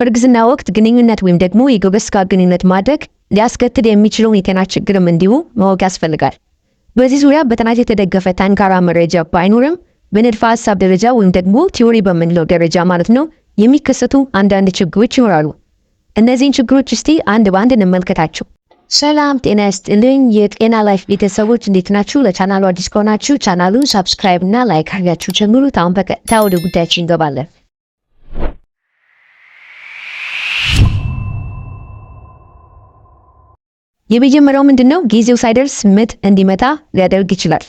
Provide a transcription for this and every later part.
በእርግዝና ወቅት ግንኙነት ወይም ደግሞ የግብረ ግንኙነት ማድረግ ሊያስከትል የሚችለውን የጤና ችግርም እንዲሁ ማወቅ ያስፈልጋል። በዚህ ዙሪያ በጥናት የተደገፈ ጠንካራ መረጃ ባይኖርም በንድፈ ሀሳብ ደረጃ ወይም ደግሞ ቲዮሪ በምንለው ደረጃ ማለት ነው የሚከሰቱ አንዳንድ ችግሮች ይኖራሉ። እነዚህን ችግሮች እስቲ አንድ በአንድ እንመልከታቸው። ሰላም ጤና ይስጥልኝ። የጤና ላይፍ ቤተሰቦች እንዴት ናችሁ? ለቻናሉ አዲስ ከሆናችሁ ቻናሉን ሳብስክራይብ እና ላይክ አርጋችሁ ጀምሩት። አሁን በቀጥታ ወደ ጉዳያችን እንገባለን። የመጀመሪያው ምንድን ነው? ጊዜው ሳይደርስ ምት እንዲመታ ሊያደርግ ይችላል።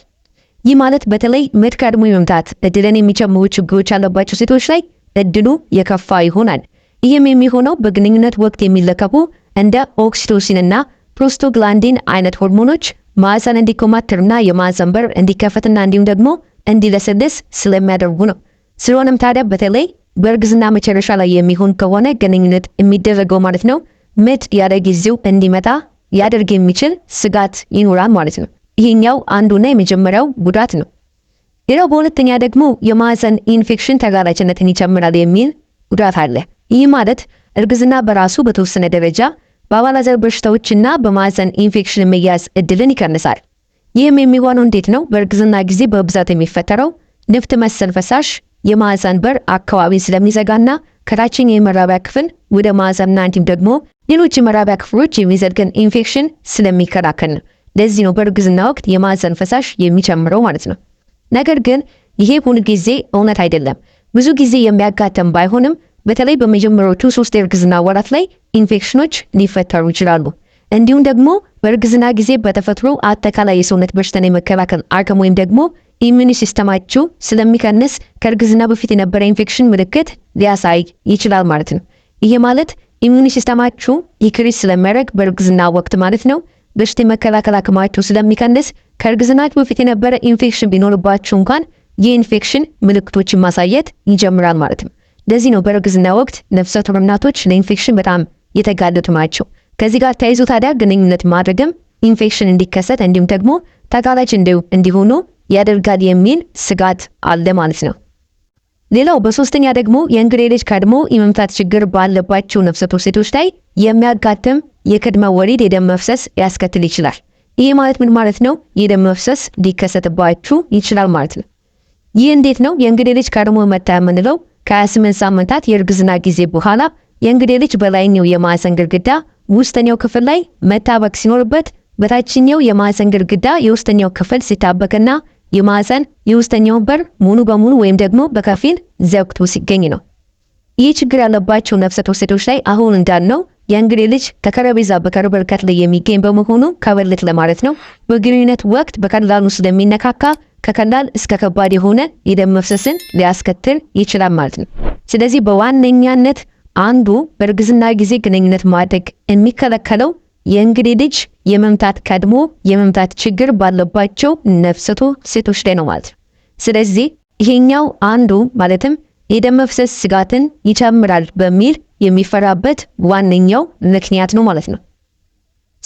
ይህ ማለት በተለይ ምት ቀድሞ የመምታት እድልን የሚጨምሩ ችግሮች ያለባቸው ሴቶች ላይ እድሉ የከፋ ይሆናል። ይህም የሚሆነው በግንኙነት ወቅት የሚለቀቁ እንደ ኦክሲቶሲን እና ፕሮስቶግላንዲን አይነት ሆርሞኖች ማዕፀን እንዲኮማትርና የማዕፀን በር እንዲከፈትና እንዲሁም ደግሞ እንዲለሰልስ ስለሚያደርጉ ነው። ስለሆነም ታዲያ በተለይ በእርግዝና መጨረሻ ላይ የሚሆን ከሆነ ግንኙነት የሚደረገው ማለት ነው ምጥ ያለ ጊዜው እንዲመጣ ሊያደርግ የሚችል ስጋት ይኖራል ማለት ነው። ይሄኛው አንዱና የመጀመሪያው ጉዳት ነው። ሌላው በሁለተኛ ደግሞ የማህፀን ኢንፌክሽን ተጋላጭነትን ይጨምራል የሚል ጉዳት አለ። ይህ ማለት እርግዝና በራሱ በተወሰነ ደረጃ በአባላዘር በሽታዎችና በማህፀን ኢንፌክሽን መያዝ እድልን ይቀንሳል። ይህም የሚሆነው እንዴት ነው? በእርግዝና ጊዜ በብዛት የሚፈጠረው ንፍጥ መሰል ፈሳሽ የማህፀን በር አካባቢ ስለሚዘጋና ከታችኛው የመራቢያ ክፍል ወደ ማህፀንና እንዲሁም ደግሞ ሌሎች የመራቢያ ክፍሎች የሚዘልቅን ኢንፌክሽን ስለሚከላከል ለዚህ ነው በእርግዝና ወቅት የማህፀን ፈሳሽ የሚጨምረው ማለት ነው። ነገር ግን ይሄ ሁል ጊዜ እውነት አይደለም። ብዙ ጊዜ የሚያጋጥም ባይሆንም በተለይ በመጀመሪያዎቹ ሶስት የእርግዝና ወራት ላይ ኢንፌክሽኖች ሊፈጠሩ ይችላሉ። እንዲሁም ደግሞ በእርግዝና ጊዜ በተፈጥሮ አጠቃላይ የሰውነት በሽታን የመከላከል አቅም ወይም ደግሞ ኢሚኒ ሲስተማችሁ ስለሚቀንስ ከእርግዝና በፊት የነበረ ኢንፌክሽን ምልክት ሊያሳይ ይችላል ማለት ነው። ይሄ ማለት ኢሚኒ ሲስተማችሁ ኢንክሪዝ ስለሚያደርግ በእርግዝና ወቅት ማለት ነው። በሽታ የመከላከል አቅማችሁ ስለሚቀንስ ከእርግዝናችሁ በፊት የነበረ ኢንፌክሽን ቢኖርባችሁ እንኳን የኢንፌክሽን ምልክቶችን ማሳየት ይጀምራል ማለት ነው። ለዚህ ነው በእርግዝና ወቅት ነፍሰ ጡር እናቶች ለኢንፌክሽን በጣም የተጋለጡ ናቸው። ከዚህ ጋር ተያይዞ ታዲያ ግንኙነት ማድረግም ኢንፌክሽን እንዲከሰት እንዲሁም ደግሞ ተጋላጭ እንዲሆኑ ያደርጋል የሚል ስጋት አለ ማለት ነው። ሌላው በሶስተኛ ደግሞ የእንግዴ ልጅ ቀድሞ የመምታት ችግር ባለባቸው ነፍሰ ሴቶች ላይ የሚያጋጥም የቅድመ ወሊድ የደም መፍሰስ ያስከትል ይችላል። ይህ ማለት ምን ማለት ነው? የደም መፍሰስ ሊከሰትባችሁ ይችላል ማለት ነው። ይህ እንዴት ነው የእንግዴ ልጅ ቀድሞ መታ የምንለው? ከ28 ሳምንታት የእርግዝና ጊዜ በኋላ የእንግዴ ልጅ በላይኛው የማሰን ግድግዳ ውስጠኛው ክፍል ላይ መታበቅ ሲኖርበት፣ በታችኛው የማሰን ግድግዳ የውስጠኛው ክፍል ሲታበቅና የማህፀን የውስጠኛው በር ሙሉ በሙሉ ወይም ደግሞ በከፊል ዘግቶ ሲገኝ ነው። ይህ ችግር ያለባቸው ነፍሰ ጡር ሴቶች ላይ አሁን እንዳልነው የእንግዲህ ልጅ ከከረቤዛ በቅርብ ርቀት ላይ የሚገኝ በመሆኑ ከበልት ለማለት ነው። በግንኙነት ወቅት በቀላሉ ስለሚነካካ ከቀላል እስከ ከባድ የሆነ የደም መፍሰስን ሊያስከትል ይችላል ማለት ነው። ስለዚህ በዋነኛነት አንዱ በእርግዝና ጊዜ ግንኙነት ማድረግ የሚከለከለው የእንግዲህ ልጅ የመምታት ቀድሞ የመምታት ችግር ባለባቸው ነፍሰቶ ሴቶች ላይ ነው ማለት ነው። ስለዚህ ይሄኛው አንዱ ማለትም የደም መፍሰስ ስጋትን ይጨምራል በሚል የሚፈራበት ዋነኛው ምክንያት ነው ማለት ነው።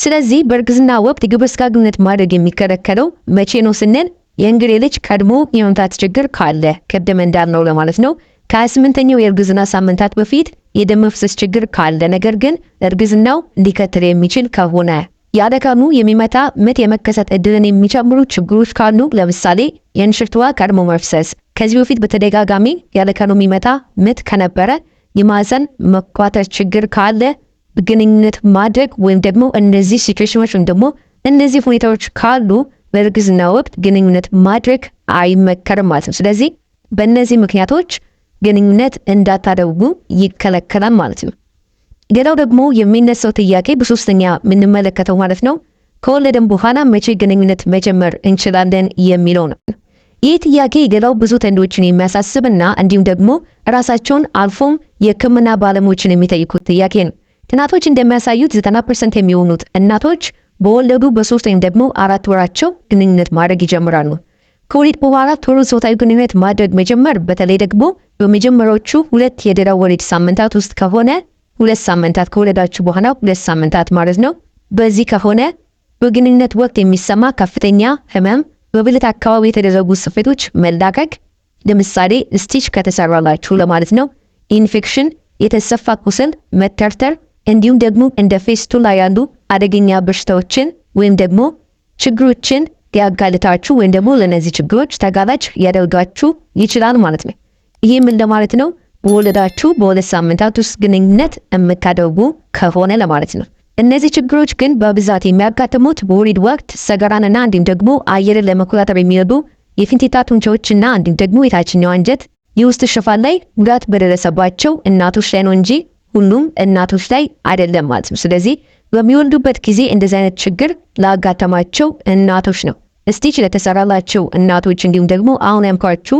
ስለዚህ በእርግዝና ወቅት የግብረ ሥጋ ግንኙነት ማድረግ የሚከለከለው መቼ ነው ስንል የእንግዴ ልጅ ቀድሞ የመምታት ችግር ካለ ቅድም እንዳልነው ለማለት ነው። ከ28ኛው የእርግዝና ሳምንታት በፊት የደም መፍሰስ ችግር ካለ ነገር ግን እርግዝናው ሊከተል የሚችል ከሆነ ያደከሙ የሚመታ ምት የመከሰት እድልን የሚጨምሩ ችግሮች ካሉ ለምሳሌ የእንሽርት ውሃ ቀድሞ መፍሰስ፣ ከዚህ በፊት በተደጋጋሚ ያደካኑ የሚመታ ምት ከነበረ፣ የማህፀን መኳተት ችግር ካለ፣ ግንኙነት ማድረግ ወይም ደግሞ እነዚህ ሲትዌሽኖች ወይም ደግሞ እነዚህ ሁኔታዎች ካሉ በእርግዝና ወቅት ግንኙነት ማድረግ አይመከርም ማለት ነው። ስለዚህ በእነዚህ ምክንያቶች ግንኙነት እንዳታደርጉ ይከለከላል ማለት ነው። ሌላው ደግሞ የሚነሳው ጥያቄ በሶስተኛ የምንመለከተው ማለት ነው ከወለድን በኋላ መቼ ግንኙነት መጀመር እንችላለን የሚለው ነው። ይህ ጥያቄ ሌላው ብዙ ተንዶችን የሚያሳስብና እንዲሁም ደግሞ ራሳቸውን አልፎም የሕክምና ባለሙያዎችን የሚጠይቁት ጥያቄ ነው። ጥናቶች እንደሚያሳዩት 90 ፐርሰንት የሚሆኑት እናቶች በወለዱ በሶስት ወይም ደግሞ አራት ወራቸው ግንኙነት ማድረግ ይጀምራሉ። ከወሊድ በኋላ ቶሎ ጾታዊ ግንኙነት ማድረግ መጀመር በተለይ ደግሞ በመጀመሪያዎቹ ሁለት የድህረ ወሊድ ሳምንታት ውስጥ ከሆነ ሁለት ሳምንታት ከወለዳችሁ በኋላ ሁለት ሳምንታት ማለት ነው። በዚህ ከሆነ በግንኙነት ወቅት የሚሰማ ከፍተኛ ህመም፣ በብልት አካባቢ የተደረጉ ስፌቶች መላቀቅ፣ ለምሳሌ ስቲች ከተሰራላችሁ ለማለት ነው፣ ኢንፌክሽን፣ የተሰፋ ቁስል መተርተር፣ እንዲሁም ደግሞ እንደ ፌስቱላ ያሉ አደገኛ በሽታዎችን ወይም ደግሞ ችግሮችን ሊያጋልጣችሁ ወይም ደግሞ ለእነዚህ ችግሮች ተጋላጭ ያደርጋችሁ ይችላል ማለት ነው። ይህም ለማለት ነው? በወለዳችሁ በሁለት ሳምንታት ውስጥ ግንኙነት የምታደርጉ ከሆነ ለማለት ነው። እነዚህ ችግሮች ግን በብዛት የሚያጋጥሙት በወሊድ ወቅት ሰገራንና እንዲሁም ደግሞ አየርን ለመቆጣጠር የሚረዱ የፊንጢጣ ጡንቻዎችና እንዲሁም ደግሞ የታችኛው አንጀት የውስጥ ሽፋን ላይ ጉዳት በደረሰባቸው እናቶች ላይ ነው እንጂ ሁሉም እናቶች ላይ አይደለም ማለት ነው። ስለዚህ በሚወልዱበት ጊዜ እንደዚህ አይነት ችግር ላጋጠማቸው እናቶች ነው። እስቲች ለተሰራላቸው እናቶች እንዲሁም ደግሞ አሁን ያምኳችሁ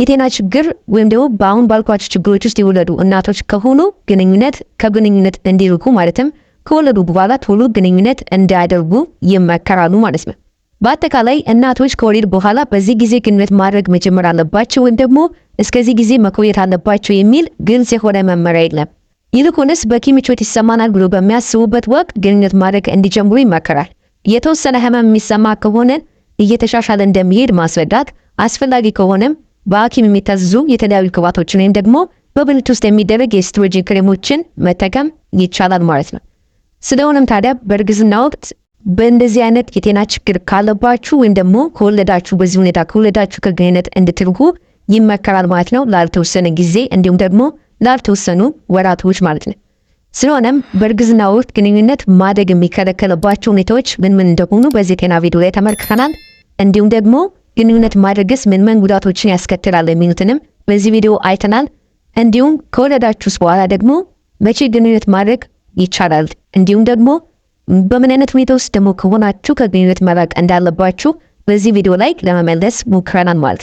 የጤና ችግር ወይም ደግሞ በአሁን ባልኳቸው ችግሮች ውስጥ የወለዱ እናቶች ከሆኑ ግንኙነት ከግንኙነት እንዲርቁ ማለትም ከወለዱ በኋላ ቶሎ ግንኙነት እንዳያደርጉ ይመከራሉ ማለት ነው። በአጠቃላይ እናቶች ከወሊድ በኋላ በዚህ ጊዜ ግንኙነት ማድረግ መጀመር አለባቸው ወይም ደግሞ እስከዚህ ጊዜ መቆየት አለባቸው የሚል ግልጽ የሆነ መመሪያ የለም። ይልቁንስ በቂ ምቾት ይሰማናል ብሎ በሚያስቡበት ወቅት ግንኙነት ማድረግ እንዲጀምሩ ይመከራል። የተወሰነ ህመም የሚሰማ ከሆነ እየተሻሻለ እንደሚሄድ ማስረዳት አስፈላጊ ከሆነም በሐኪም የሚታዘዙ የተለያዩ ቅባቶችን ወይም ደግሞ በብልት ውስጥ የሚደረግ የኤስትሮጅን ክሬሞችን መጠቀም ይቻላል ማለት ነው። ስለሆነም ታዲያ በእርግዝና ወቅት በእንደዚህ አይነት የጤና ችግር ካለባችሁ ወይም ደግሞ ከወለዳችሁ በዚህ ሁኔታ ከወለዳችሁ ከገነት እንድትርጉ ይመከራል ማለት ነው። ላልተወሰነ ጊዜ እንዲሁም ደግሞ ላልተወሰኑ ወራቶች ማለት ነው። ስለሆነም በእርግዝና ወቅት ግንኙነት ማደግ የሚከለከልባቸው ሁኔታዎች ምን ምን እንደሆኑ በዚህ ጤና ቪዲዮ ላይ ተመልክተናል። እንዲሁም ደግሞ ግንኙነት ማድረግስ ምን ምን ጉዳቶችን ያስከትላል የሚሉትንም በዚህ ቪዲዮ አይተናል። እንዲሁም ከወለዳችሁስ በኋላ ደግሞ መቼ ግንኙነት ማድረግ ይቻላል፣ እንዲሁም ደግሞ በምን አይነት ሁኔታ ውስጥ ደግሞ ከሆናችሁ ከግንኙነት መራቅ እንዳለባችሁ በዚህ ቪዲዮ ላይ ለመመለስ ሞክረናል ማለት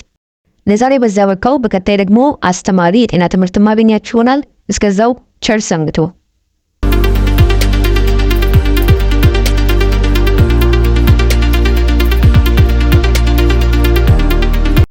ለዛሬ በዚያ በቃው። በቀጣይ ደግሞ አስተማሪ የጤና ትምህርት ማገኛችሁ ይሆናል። እስከዛው ቸር ሰንብቱ።